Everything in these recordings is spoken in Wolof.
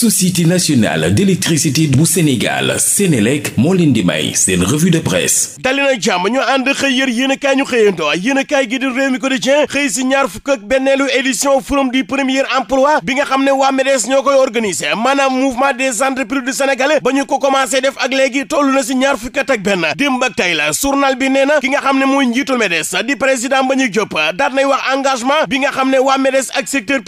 société nationale d'électricité bu Sénégal Sénélec moo leen di may seen revue de presse dali jàmm ñu ànd xëy yër yéen a kaay ñu xëyandoo yéen a kaay gi di réew mi quotidien xëy si ñaar fukk ak benneelu édition forum du premier emploi bi nga xam ne wa MEDES ñoo koy organisé maanaam mouvement des entreprises du Sénégal ba ñu ko commencé def ak léegi toll na si ñaar fukk ak benn démb ak la journal bi nee na ki nga xam ne mooy njiitul MEDES di président ba ñu jop bi nga xam ne waa MEDES ak secteur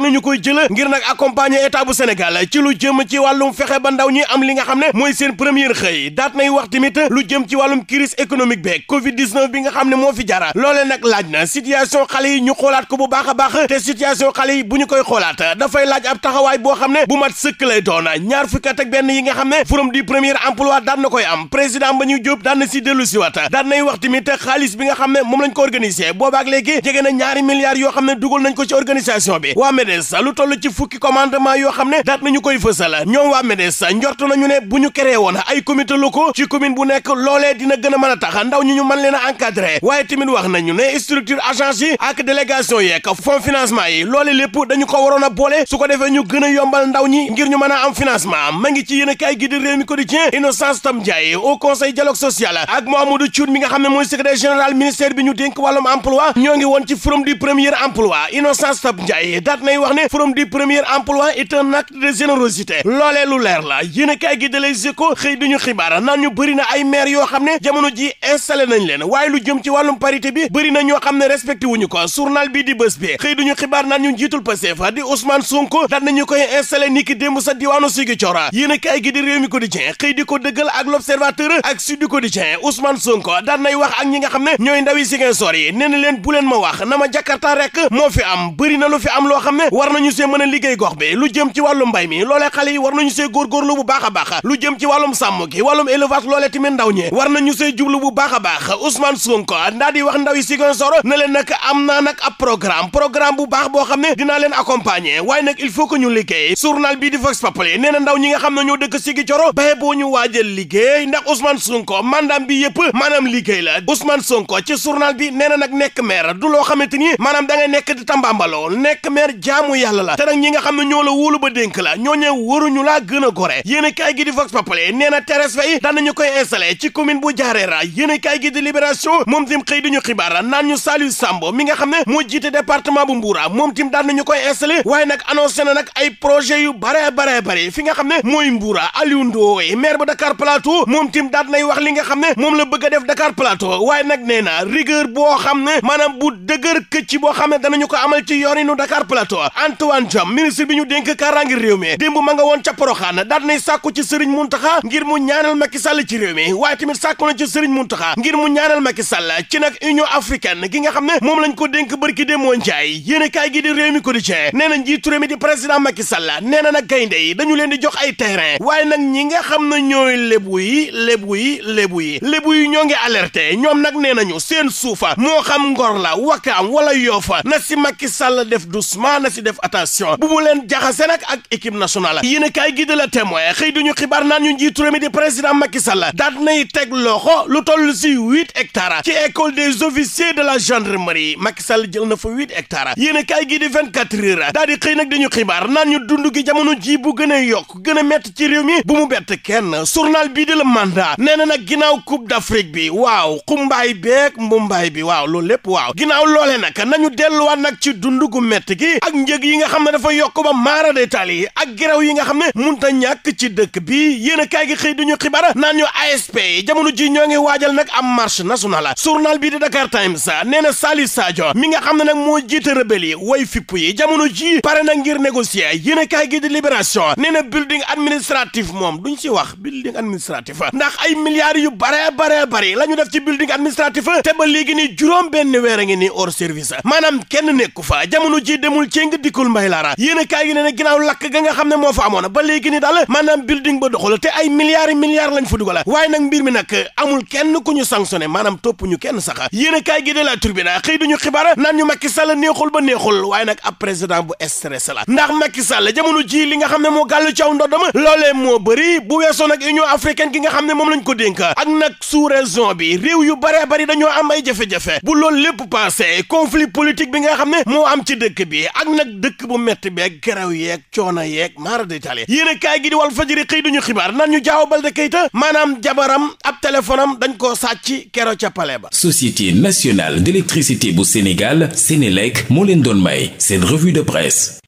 nañu koy jël ngir nag accompagner état bu Sénégal Sénégal ci lu jëm ci wàllum fexe ba ndaw ñi am li nga xam ne mooy seen première xëy daat nañu wax tamit lu jëm ci wàllum crise économique be Covid bi nga xam ne moo fi jara loole nag laaj na situation xale yi ñu xoolaat ko bu baax a baax te situation xale yi bu ñu koy xoolaat dafay laaj ab taxawaay boo xam ne bu mat sëkk lay doon ñaar fukk ak benn yi nga xam ne forum du premier emploi daan na koy am président ba ñu jóob daan na si dellu si waat daan nay wax tamit xaalis nga xam ne moom lañ ko organisé boobaak léegi jege na ñaari milliards yoo xam ne dugal nañ ko ci organisation bi waa ci fukki commandement yoo xam ne daat nañu koy fësal ñoom waa MEDES njort nañu ne bu ñu créé woon ay comité locaux ci commune bu nekk loolee dina gën a mën a tax ndaw ñu ñu mën leen a encadré waaye tamit wax nañu ne structure agence yi ak délégation yeeg fonds financement yi loole lépp dañu ko waroon a boole su ko defee yombal ndaw ñi ngir ñu mën a am financement ma ngi ci yéen a kaay gi di Rewmi Quotidien Innocence Tam Ndiaye au conseil dialogue social ak Mouhamadou Thioune mi nga xam mooy secrétaire général ministère de générosité loolee lu leer la yéen kaay gi da Les Échos xëy duñu xibaar naan ñu bëri na ay maire yoo xam ne jamono ji installé nañ leen waaye lu jëm ci wàllum parité bi bëri na ñoo xam ne respecté ñu ko journal bi di bés bi xëy duñu xibaar naan ñu njiitul Pastef di Ousmane Sonko daan ñu koy installé ni ki démb sa diwaanu Ziguinchor yéen kaay gi di Rewmi Quotidien xëy di ko dëggal ak L'Observateur ak Sud Quotidien Ousmane Sonko daan nay wax ak ñi nga xam ne ñooy ndawi Ziguinchor yi nee leen bu leen ma wax na ma Jakarta rek moo fi am bëri na lu fi am loo xam ne war nañu see mën a liggéey gox bi mbay mi loolee xale yi war nañu see góorgóorlu bu baax a baax lu jëm ci wàllum sàmm gi wàllum élevage loolee ndaw ñi war nañu see jublu bu baax a baax Ousmane ndaa di wax ndaw yi Ziguinchor na leen nag am naa nag ab programme bu baax boo xam ne dinaa leen accompagner waaye nag il faut que ñu liggéey journal bii di Vox Populi nee na ndaw ñi nga xam ne ñoo dëkk Ziguinchor baye boo ñu waajal liggéey ndax Ousmane Sonko mandaam bi yëpp maanaam liggéey la Ousmane Sonko ci journal bi nee na nag nekk maire du loo xamante ni maanaam da ngay nekk di tambambaloo nekk maire jaamu yàlla la te nag ñi nga xam ne ñoo la wóolu ba dénk la ñooñee waruñu laa gën a gore yéen i kaay gi di Vox Populi nee na Thérèse Faye danañu koy installé ci commune bu Diarera yéen i kaay gi di Libération moom tim xëy diñu xibaar naan ñu Saliou Sambo mi nga xam ne moo jiite département bu Mbour moom tim daan nañu koy installé waaye nag annoncé na nag ay projet yu bare bare bare fi xam ne mooy Mbour Aliou Ndoye maire bu Dakar Plateau moom tim daan nay wax li nga xam ne moom la bëgg a def Dakar Plateau waaye nag nee na boo xam ne maanaam bu dëgër këcc boo xam ne danañu ko amal ci yoonu Dakar Plateau Antoine Diome réew mi démb ma nga woon ca Poroxaan daan nay sàkku ci sëriñ Muntaxa ngir mu ñaanal Macky Sall ci réew mi waaye tamit sàkku na ci sëriñ Muntaxa ngir mu ñaanal Macky Sall ci nag Union africaine gi nga xam ne moom lañ ko dénk bërki démoo njaay yéen a kaay gi di réew mi ko di cee nee na njiitu réew mi di président Macky Sall nee na nag gaynde yi dañu leen di jox ay terrain waaye nag ñi nga xam ne ñooy lébu yi lébu yi lébu yi lébu yi ñoo ngi alerte ñoom nag nee nañu seen suufa moo xam ngor la wakaam wala yoofa na si Macky Sall def doucement na si def attention équipe nationale yéen a kaay gi de la témoin xëy duñu xibaar naan ñu njiitu réew mi di président Macky Sall daat nay teg loxo lu toll si huit hectares ci école des officiers de la gendarmerie Macky Sall jël na fa huit hectares yéen a kaay gi di vingt quatre heures daal di xëy nag dañu xibaar naan ñu dund gi jamono ji bu gën a yokk gën a métti ci réew mi bu mu bett kenn surnal bii di la mandat nee na nag ginnaaw coupe d'Afrique bi waaw xumbaay beeg mbumbaay bi waaw loolu lépp waaw ginnaaw loole nag nañu delluwaat nag ci dund gu gi ak njëg yi xam ne dafa yokk ba maara de tali a ak grève yi nga xam ne munta ñàkk ci dëkk bi yéen a kaay gi xëy duñu xibaar naan ñu ASP jamono ji ñoo ngi waajal nag am marche nationale journal bi di Dakar Times nee na Salif Sadio mi nga xam ne nag moo jiite rebelle yi way fippu yi jamono ji pare na ngir négocier yéen a kaay gi di Libération nee na building administratif moom ñu ci wax building administratif ndax ay milliards yu bare bare bare la ñu def ci building administratif te ba léegi ni juróom benn weer a ni hors service maanaam kenn nekku fa jamono ji demul cee nga dikkul a ga nga xam ne moo fa amoon ba léegi ni daal maanaam building ba doxul te ay milliards milliards lañ fa dugal waaye nag mbir mi nag amul kenn ku ñu sanctionné maanaam topp ñu kenn sax yéen a kaay gi de la turbine xëy duñu xibaar naan ñu Macky Sall neexul ba neexul waaye nag ab président bu stress la ndax Macky Sall jamono li nga xam ne moo gàllu caw ndoddam loolee moo bëri bu weesoo nag Union africaine gi nga xam ne moom lañ ko dénk ak nag sous raison bi réew yu baree bari dañoo am ay jafe-jafe bu loolu lépp passé conflit politique bi nga xam ne moo am ci dëkk bi ak nag dëkk bu métti beeg garaw yeeg coono soxna yeeg maara de tali yéen a kaay gi di wal fajiri xëy duñu xibaar nan ñu jaaw Balde Keita maanaam jabaram ab téléphone dañ koo sàcc kero ca pale ba société nationale d'électricité bu Sénégal Sénélec moo leen doon may seen revue de presse